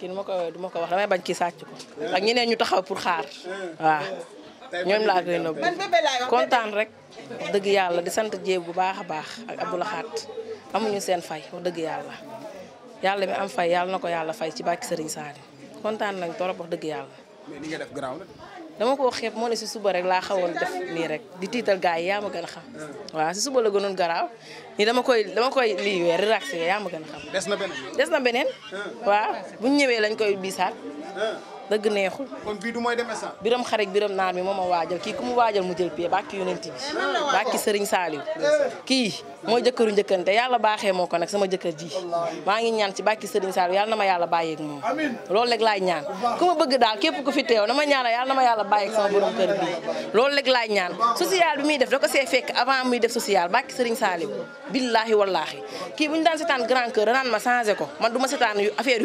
kii nu ma ko du ko wax damay bañ kii sàcc ko ak ñeneen ñu taxaw pour xaar waaw ñoom laa koy nëbb kontaan rek wax dëgg yàlla di sant jéeb bu baax a baax ak abula xaat amuñu seen fay wax dëgg yàlla yàlla mi am fay yàlla na ko yàlla fay ci bàkki sëriñ Saali kontaan nañ torop wax dëgg yàlla mais ni nga def garaaw la. dama koo xeeb moo ne si suba rek laa xawoon def nii rek di tiital gars yi yaa ma gën a xam. waaw si suba la gënoon garaaw nii dama koy dama koy lii weer relaxé yaa ma gën a xam. des na beneen des na beneen. waaw bu ñu ñëwee lañ koy biisaat. dëgg neexul. kon bii du mooy dem instant. biram xarit biram naar mi moo ma waajal kii ku mu waajal mu jël pie bàkki yonent bi bàkki sëriñ Saaliw kii mooy jëkkëru jëkkër ji maa ngi ñaan ci bàkki sëriñ Saaliw yàlla na ma yàlla bàyyeeg moom loolu rek laay ñaan ku ma bëgg daal képp ku fi teew na ma ñaanal yàlla na ma yàlla bàyyeeg sama borom kër bi loolu rek laay ñaan social bi muy def da ko see fekk avant muy def social bàkki sëriñ Saaliw billaahi wallaahi kii bu ñu daan setaan grand cœur danaan ma changé ko man du ma setaan affaire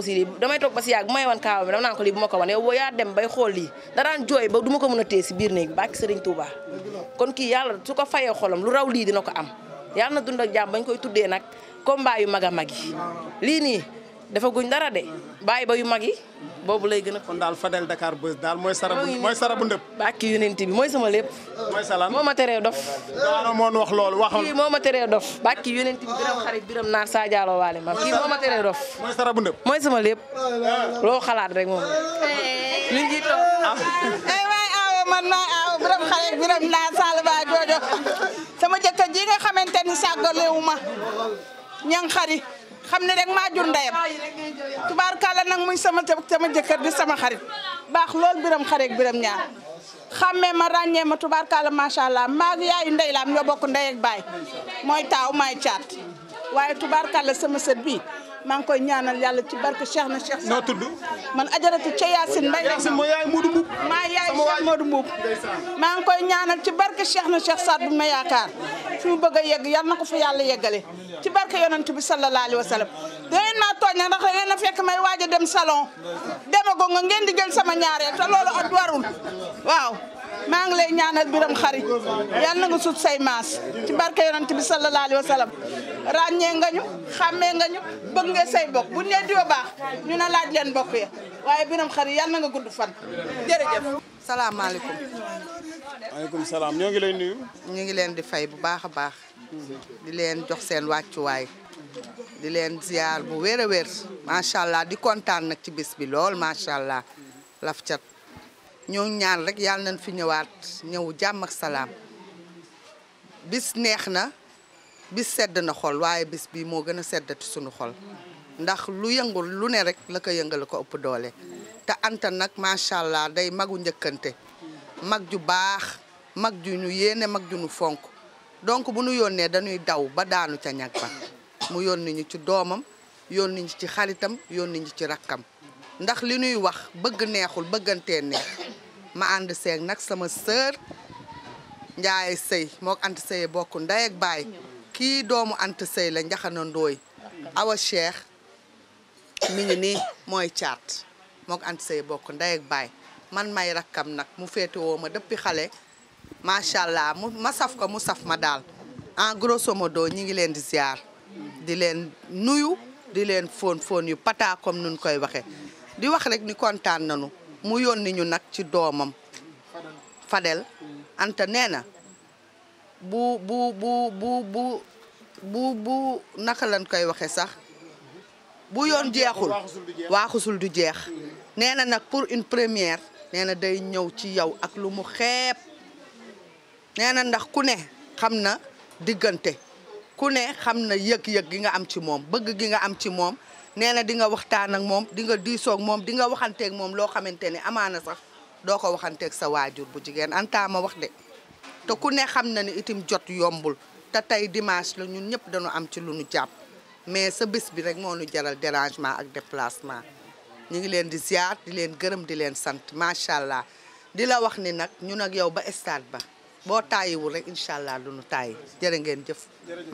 yu toog ba si yàgg may wan kaawa bi dama naan ko lii bu ma ko wan yow boo yaa dem bay xool lii daraan jooy ba du ko mën a téye si biir néeg bi bàkki sëriñ Touba kon kii yàlla su ko fayee xolam lu raw lii dina ko am yàlla na dund ak jàmm bañ koy tuddee nag combat yu mag a mag yi lii nii dafa guñ dara de bàyyi ba yu mag yi boobu lay gën a. kon daal Fadel Dakar Buzz daal mooy sarabu mooy sarabu ndëpp. bàkki yonent bi mooy sama lépp. mooy salaam moo ma teree dof. moo wax loolu waxal. kii moo ma teree dof bàkki yonent bi biram xarit biram naar saa jaaloo waale ma kii moo mooy sama lépp. Eh. xalaat rek moom la. ñu ngi ay ah. eh, waay aawa man maa aawa biram xarit biram naar Sall baa joojo sama jëkkër ji nga xamante ni sàggalewu ma ñang xari xam ne rek maa jur tubaar tubaarkàlla nag muy sama sama jëkkër di sama xarit baax lool biram xareek biram ñaar xàmmee ma ràññee ma tubaarkàlla macha allah maa yaayu ndey laam ñoo bokk ndey ak baay mooy taaw maay caat waaye kalla sama sët bi maa ngi koy ñaanal yàlla ci barke Cheikh na Cheikh. noo tudd man ajaratu ca Yacine Mbaye. Yacine mooy yaay Modou Mbuub. maa maa ngi koy ñaanal ci barke Cheikh na Cheikh Saad bu ma yaakaar. fi mu bëgg a yegg yal na ko fa yàlla yeggale ci barke yonent bi sallallahu alayhi wa sallam da ngeen na ndax da ngeen a fekk may waaj a dem salon demago nga ngeen di jël sama ñaareel te loolu at warul waaw maa ngi lay ñaanal biram xari yal na nga sut say maas ci barke yonent bi sallallahu alayhi wa sallam ràññee nga ñu xàmmee nga ñu bëgg nga say bokk bu nee diwa baax ñu na laaj leen bokk waaye biram xari yal na nga gudd fan jërëjëf salaamaaleykum maaleykum salaam ñoo ngi lay ñu ngi leen di fay bu baax a baax. di leen jox seen wàccuwaay. di leen ziar bu wér a wér macha allah di kontaan nag ci bis bi lool macha allah laf cat ñoo ñaan rek yàlla nañ fi ñëwaat ñëw jàmm ak salaam. bis neex na bis sedd na xol waaye bis bi moo gën a seddati suñu xol ndax lu yëngul lu ne rek la ko yëngal ko ëpp doole te Anta nag macha allah day magu njëkkante. mag ju baax mag ju ñu yéene mag ju ñu fonk donc bu ñu yónnee dañuy daw ba daanu ca ñag ba mu yónni ñu ci doomam yónni ñu ci xaritam yónni ñu ci rakkam ndax li ñuy wax bëgg neexul bëggantee neex ma ànd seeg nag sama sœur Ndiaye Sey mook Anta Sey bokk ndey baay kii doomu Anta Sey la njaxana ndooy Awa Cheikh mi ngi nii mooy caat mook Anta Sey bokk ndey baay man may rakkam nag mu féetewoo ma depuis xale macha allah mu ma saf ko mu saf ma daal en grosso modo ñi ngi leen di ziar di leen nuyu di leen fóon fóon yu pata nun koy waxee di wax rek ni kontaan nañu mu yónni ñu nag ci doomam Fadel Anta nee na bu bu bu bu bu bu naka lañ koy waxee sax bu yoon jeexul waaxusul du jeex nee na nag pour une première nee na day ñëw ci yow ak lu mu xeeb nee na ndax ku ne xam na diggante ku ne xam na yëg-yëg gi nga am ci moom bëgg gi nga am ci moom nee na di nga waxtaan ak moom di nga diisoog moom di nga waxanteeg moom loo xamante ne amaana sax doo ko waxanteeg sa waajur bu jigéen Anta ma wax de te ku ne xam na ni itam jot yombul te tey dimanche la ñun ñëpp dañu am ci lu nu jàpp mais sa bés bi rek moo nu jaral dérangement ak déplacement ñu ngi leen di ziar di leen gërëm di leen sant macha allah di la wax ni nag ñun ak yow ba stade ba boo taayiwul rek incha allah du nu taayi jërë ngeen jëf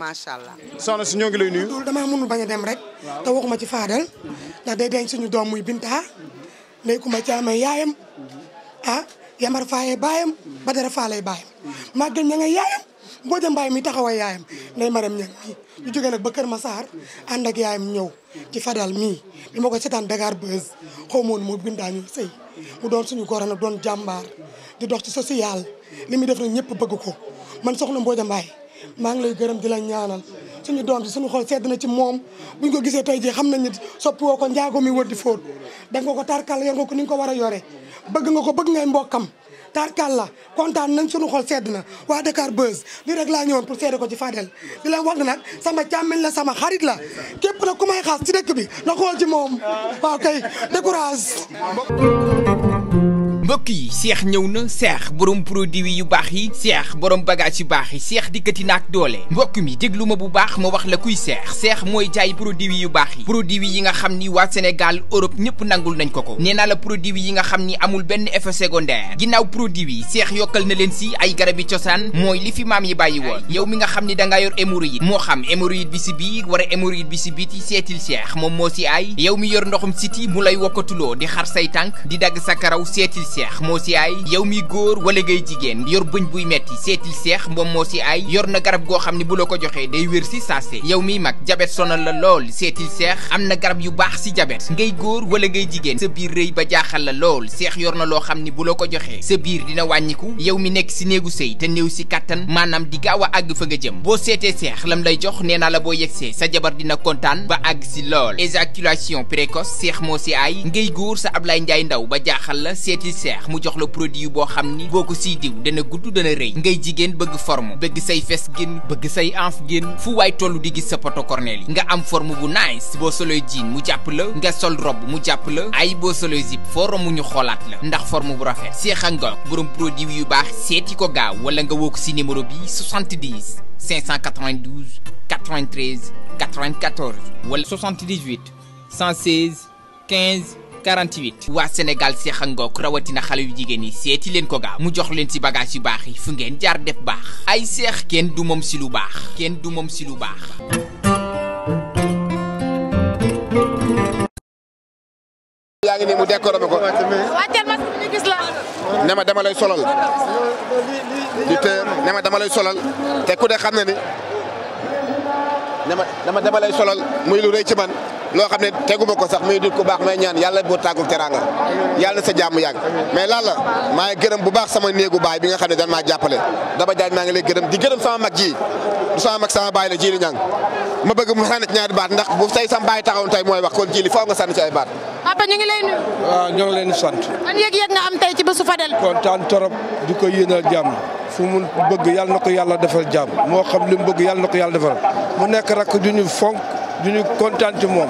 macha allah. soxna si ñoo ngi lay nuyu. damaa mënul bañ a dem rek. te waxuma ci Fadel. ndax day denc suñu doom muy Binta. ndey ku ma caamay yaayam. ah Yamar Faye baayam Badara Faye baayam. Maguette ña nga yaayam. Mbodja Mbaye mi taxawaay yaayam nday maram ñag mii ñu jógee nag ba Kër Massar ànd ak yaayam ñëw ci Fadal mii bi ma ko setaan Dakar Buzz xaw ma woon moo gën daañu sëy mu doon suñu góor nag doon jàmbaar di dox ci social li muy def nag ñëpp bëgg ko man soxna Mbodja Mbaye maa ngi lay gërëm di la suñu doom suñu xol sedd na ci moom buñ ko gisee tey jii xam nañ ne soppi woo ko njaago mi wër di fóot da nga ko tarkal yor nga ko ni ko war a yore bëgg nga ko bëgg ngay mbokkam tarkal la kontaan nañ sunu xol sedd na waa Dakar Buzz li rek laa ñëwoon pour seede ko ci Fadel di la wax nag sama càmmiñ la sama xarit la képp na ku may xaas ci dëkk bi na xool ci moom waaw kay décourage mbokk yi seex ñëw na seex borom produit yu baax yi seex borom bagage yu baax yi seex dikkati naak doole mbokk mi déglu ma bu baax ma wax la kuy seex seex mooy jaay produit yu baax yi produit yi nga xam ni waa Sénégal Europe ñëpp nangul nañ ko ko nee naa la produit yi nga xam ni amul benn effet secondaire ginnaaw produit yi seex yokkal na leen si ay garabi cosaan mooy li fi maam yi bàyyi woon yow mi nga xam ni dangaa yor hémorroïde moo xam hémorroïde bi si biir wala hémorroïde bi si biti seetil seex moom moo si aay yow mi yor ndoxum siti mu lay wokkatuloo di xar say tànk di dagg sa karaw seetil seex moo si aay yow mi góor wala ngay jigéen yor bëñ buy metti seetil seex moom moo si aay yor na garab goo xam ne bu la ko joxee day wér si saase yow miy mag jabet sonal la lool seetil seex am na garab yu baax si jabet ngay góor wala ngay jigéen sa biir rëy ba jaaxal la lool seex yor na loo xam ne bu la ko joxee sa biir dina wàññiku yow mi nekk si néegu sëy te néew si kàttan maanaam di gaaw a àgg fa nga jëm boo seetee seex lam lay jox nee naa la boo yegsee sa jabar dina kontaan ba àgg si lool éjaculation précoce seex moo si ngay góor sa Ablaye cher mu jox la produit yu boo xam ni boo ko siy diw dana gudd dana rëy ngay jigéen bëgg forme bëgg say fes génn bëgg say anf génn fu waay toll di gis sa poto cornel yi nga am forme bu nice boo soloy jean mu jàpp la nga sol robe mu jàpp la ay boo soloy zip foo romb ñu xoolaat la ndax forme bu rafet Cheikh Ngok borom produit yu baax seeti ko gaaw wala nga woo ko si numéro bi 70 592 93 94 wala 78 116 15 48 waa Sénégal seexangook rawatina xale yu jigéen yi seeti leen ko gaaw mu jox leen ci bagage yu baax yi fu ngeen jaar def baax ay seex kenn du moom si lu baax kenn du moom si lu baax yaa ngi ne ma solal. te ku de xam na ni ne ma dama lay solal muy lu rëy ci man. loo xam ne teguma ko sax muy nit ku baax may ñaan yàlla boo tàggul teraanga yàlla sa jàmm yàgg mais lan la maa gërëm bu baax sama néegu baay bi nga xam ne dan maa jàppale daba jaaj maa ngi lay gërëm di gërëm sama mag ji du sama baay la ji li ma bëgg mu sànni ñaari baat ndax bu say sama baay taxawoon tey mooy wax kon ji li foo nga sànni ci ay baat papa ñu ngi lay nuyu waaw ah, ñoo sant an yëg-yëg nga am tey ci di ko yéenal jàmm fu mu bëgg yàlla na ko yàlla defal jàmm moo xam li mu bëgg yàlla na ko yàlla defal mu nekk rakk duñu fonk du ñu kontaan ci moom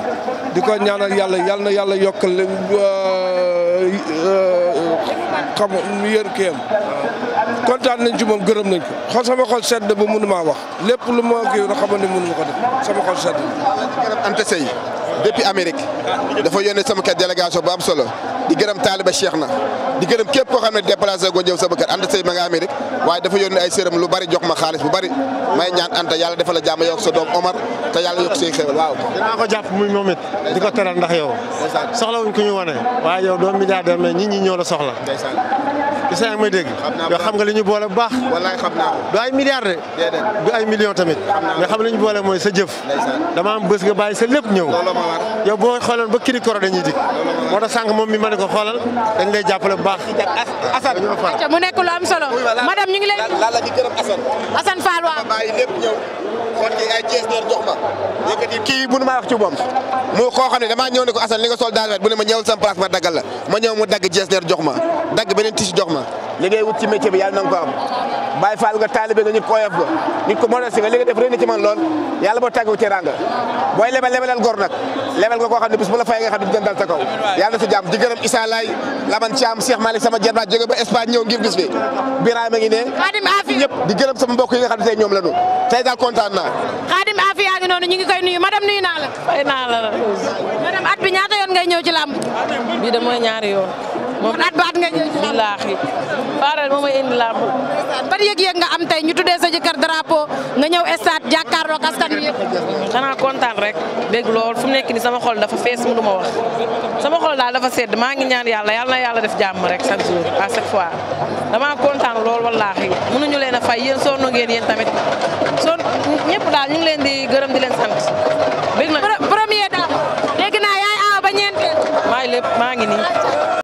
di ko ñaanal yàlla yàlla na yàlla yokkal euh, euh, xam yër kiyam kontaan nañ ci moom gërëm nañ ko xol sama xol sedd ba mënu maa wax lépp lu moo kii xamoon xamante ne ma ko def sama xol sedd. Anta Seye depuis Amérique dafa yónnee sama kat délégation bu am solo. di gërëm a Cheikh na di gërëm képp koo xam ne déplacé goo jëm sama kër Anta Seye ma nga Amérique waaye dafa yónni ay séeram lu bari jox ma xaalis bu bari may ñaan Anta yàlla defal la jàmm yow sa doom Omar te yàlla yokk say xéwal waaw. dinaa ko jàpp muy moom it di ko teral ndax yow. soxla wuñ ku ñu wane waaye yow doom milliardaire mais nit soxla. gis ma dégg. yoo xam nga li ñu boole bu baax. wallaay xam naa ko du ay milliards du ay millions tamit. mais xam li ñu boole mooy sa jëf. dama mbës nga bàyyi sa lépp ñëw. yow boo xooloon ba kiri koro dañuy dik moo tax sànq moom mi ma ne ko xoolal dañ lay jàppale bu baax. Assane mu nekk lu am solo. madame ñu ngi lay. la la di gërëm Assane. Assane Fall waaw. bàyyi lépp ñëw xool gi ay Thiès door jox ma. yëkkati kii mënu maa wax ci moom. mu koo xam ne damaa ko Assane li nga sol daal bu ne ma ñëwul sama ma daggal la ma ñëw mu dagg Thiès door jox ma dagg beneen tissu jox ma ma li ngay wut ci métier bi yàlla na nga ko am Baye Fall nga taalibe nga nit ko oyof nga nit ko modeste nga li nga def rëy na ci man lool yàlla boo tàggewu teraanga booy lebel lebelal gor nag lebel nga koo xam ne bis bu la nga xam ne dal sa kaw yàlla na sa di gërëm Issa Laman Thiam Cheikh Malick sama jarbaat jóge ba Espagne ñëw ngir bis bi Birama ngi ne ñëpp di ngi noonu ñu ngi koy nuyu madame nuyu naa la fay naa la madame at bi ñaata yoon moom at ba at nga ñëw ci billaahi faral moom mooy indi làmb ban yëg-yëg nga am tey ñu tuddee sa jëkkër drapeau nga ñëw stade jàkkaarloog askan wi yëpp xanaa kontaan rek dégg lool fu nekk ni sama xol dafa fees mu du ma wax sama xol daal dafa sedd maa ngi ñaan yàlla yàlla na yàlla def jàmm rek chaque jour à chaque fois damaa kontaan lool wallaahi ñu leen a fay yéen sonn ngeen yéen tamit son ñëpp daal ñu ngi leen di gërëm di leen sant bég na premier daal dégg naa yaay aaw ba ñeenteel maa ngi nii